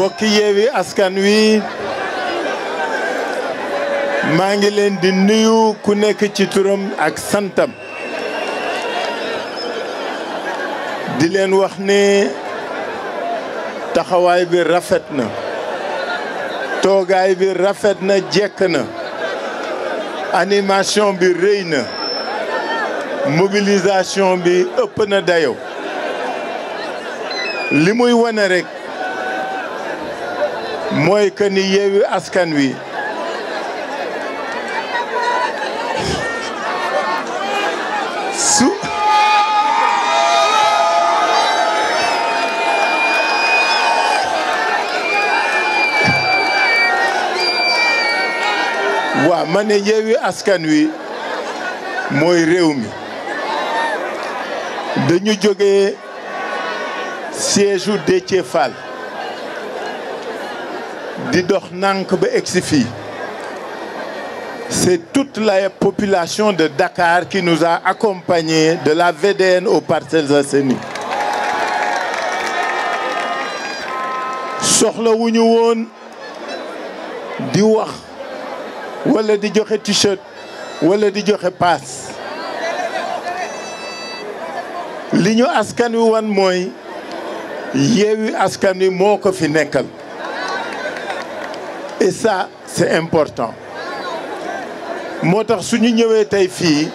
mbokki yeewi askan wi maa ngi leen di nuyu ku nekk ci turam ak santam di leen wax ne taxawaay bi rafet na toogaay bi rafet na jekk na animation bi rëy na mobilisation bi ëpp na dayo limuy muy wane rekk mooy que ni Askan Wi su waaw ma ne Yewwi Askan Wi mooy réew mi dañu jóge siège u Déthié Fall di dox nànk ba egsi fii c'est toute la population de Dakar qui nous a accompagnés de la VDN aux Parcelles Assainies soxlawuñu woon di wax wala di joxe t-shirt wala di joxe paas li ñu askan wi wan mooy yeewi askan wi moo ko fi nekkal et ça c'est important moo tax suñu ñëwee tey fii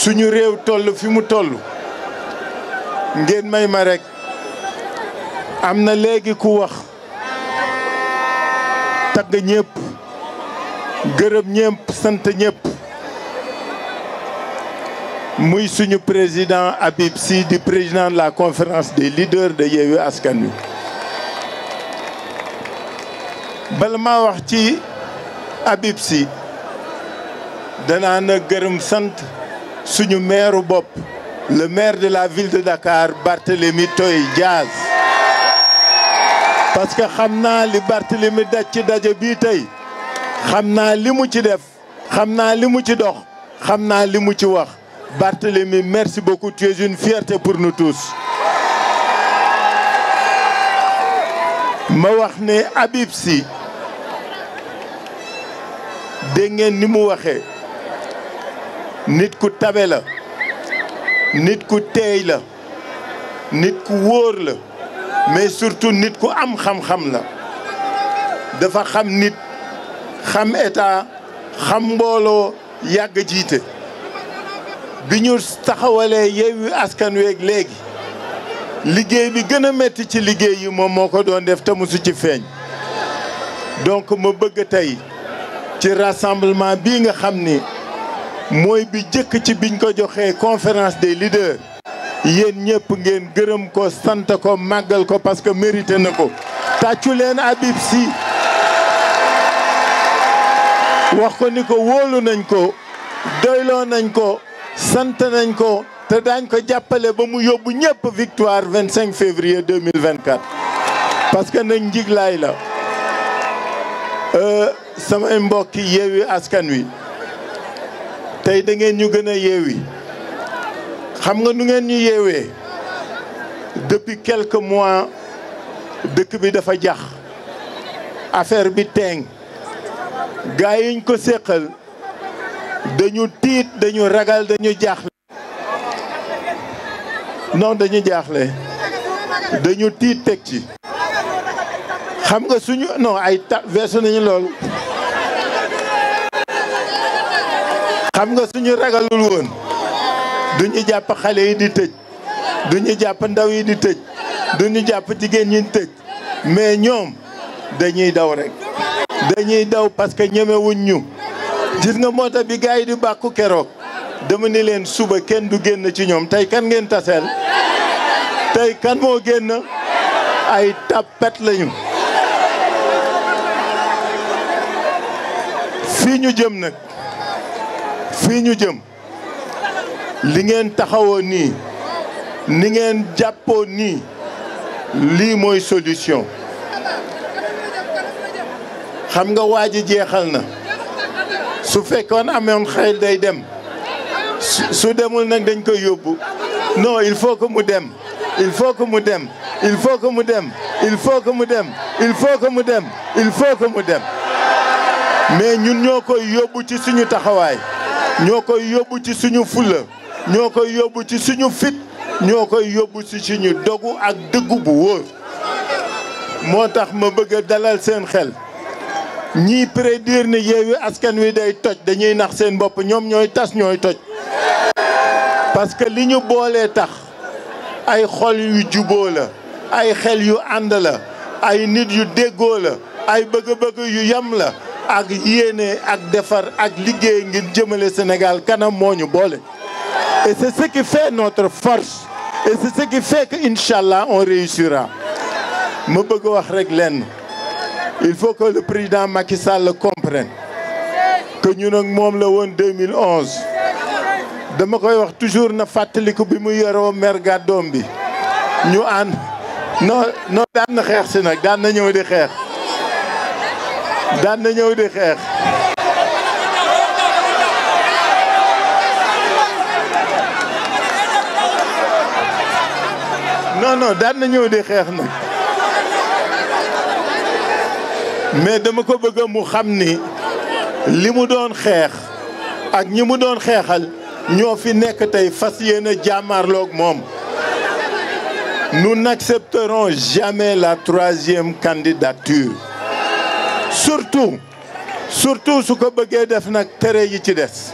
suñu réew toll fi mu tollu ngeen may ma rekk am na léegi ku wax tagg ñépp gërëm ñépp sant ñépp muy suñu président Habib si di président la conférence des leaders de Yewwi Askan Wi bala maa wax ci Habib si danaa na gërëm sant suñu maire bopp le maire de la ville de Dakar Barthélémy Toye Dias parce que xam naa li Barthélémy daj ci daje bii tey xam naa li mu ci def xam naa li mu ci dox xam naa li mu ci wax Barthélémy merci beaucoup tu june une pour nu tous ma wax ne Habib si dégg ngeen ni mu waxe nit ku tabe la nit ku teey la nit ku wóor la mais surtout nit ku am xam-xam la dafa xam nit xam état xam mbooloo yàgg jiite bi ñu taxawalee Yewwi Askan Wi léegi liggéey bi gën a metti ci liggéey yi moom moo ko doon def te musu ci feeñ donc ma bëgg tey ci rassemblement bii nga xam ni mooy bi jëkk ci biñ ko joxee conférence de leaders yéen ñëpp ngeen gërëm ko sant ko màggal ko parce que mérité na ko tàccu leen Habib si wax ko ni ko wóolu nañ ko doyloo nañ ko sant nañ ko te daañ ko jàppale ba mu yóbbu ñëpp victoire 25 février 2024 parce que nag njiglaay la euh, samay mbokki yeewi askan wi tey dangeen ñu gën a yeewi xam nga nu ngeen ñu yeewee depuis quelques mois dëkk bi dafa jax affaire bi teeng gaa yiñ ko séqal dañu tiit dañu ragal dañu jaaxle non dañu jaaxle dañu tiit teg ci xam nga suñu non ay ta weesu nañu lool xam nga suñu ragalul woon du jàpp xale yi di tëj du jàpp ndaw yi di tëj du jàpp jigéen ñi di tëj mais ñoom dañuy daw rek. dañuy daw parce que ñemewuñ ñu gis nga moo tax bi gars yi di bàkku keroog dama ni leen suba kenn du génn ci ñoom tey kan ngeen taseel tey kan moo génn ay tapet lañu. fii ñu jëm nag. fii ñu jëm li ngeen taxawoo nii ni ngeen jàppoo nii lii mooy solution xam nga waa ji jeexal na su fekkoon amoon xel day dem su demul nag dañ koy yóbbu non il faut que mu dem il faut que mu dem il faut que mu dem il faut que mu dem il faut que mu dem il faut que mu dem mais ñun ñoo koy yóbbu ci suñu taxawaay ñoo koy yóbbu ci suñu fulla ñoo koy yóbbu ci suñu fit ñoo koy yóbbu ci suñu dogu ak dëggu bu wóor moo tax ma bëgg a dalal seen xel ñii prédire ne Yewwi Askan Wi day toj dañuy nax seen bopp ñoom ñooy tas ñooy toj parce que li ñu boolee tax ay xol yu juboo la ay xel yu ànd la ay nit yu déggoo la ay bëgg-bëgg yu yam la ak yéene ak defar ak liggéey ngir jëmale Sénégal kanam moo ñu boole et c'est ce qui fait notre force et c'est ce qui fait que inchallah on réussira ma bëgg wax rek lenn il faut que le président Macky Sall le comprenne ñu nag moom la woon 2011 dama koy wax toujours na fàttaliku bi mu yoroo mer gàddoom bi ñu ànd no non daan na xeex si nag daan na ñëw di xeex daan ñëw di xeex non non daan ñëw di xeex nag mais dama ko bëgg mu xam ni li mu doon xeex ak ñi mu doon xeexal ñoo fi nekk tey fas yéene jàmmarloog moom nous n'accepterons jamais la troisième kandidatur surtout surtout su ko bëggee def nag tere yi ci des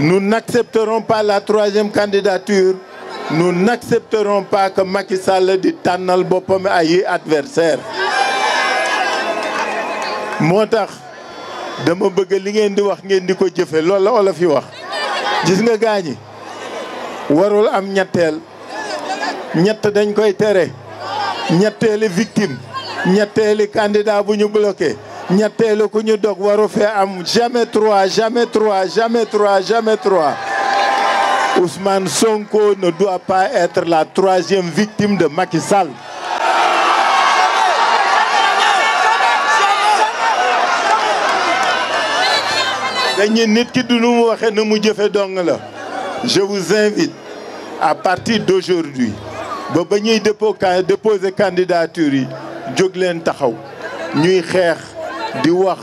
nu n'accepterons pas la troisième candidature nous n'accepterons pas que Macky Sall di tànnal boppam ay adversaire moo tax dama bëgg li ngeen di wax ngeen di ko jëfe loolu la olof yi wax gis nga gaañi warul am ñetteel ñett dañ koy tere ñetteeli victime ñetteeli candidat bu ñu bloqué ñetteelu ku ñu dog waru fee am jamais trois jamais trois jamais trois jamais trois Ousmane Sonko ne doit pas être la troisième victime de Macky Sall. dañu nit ki du nu mu waxee na mu jëfe dong la je vous invite à partir d'aujourd'hui ba ba ñuy déposer candidature yi jóg leen taxaw ñuy xeex di wax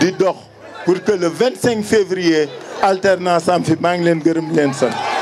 di dox pour que le 25 février alternance am fi maa ngi leen gërëm leen sant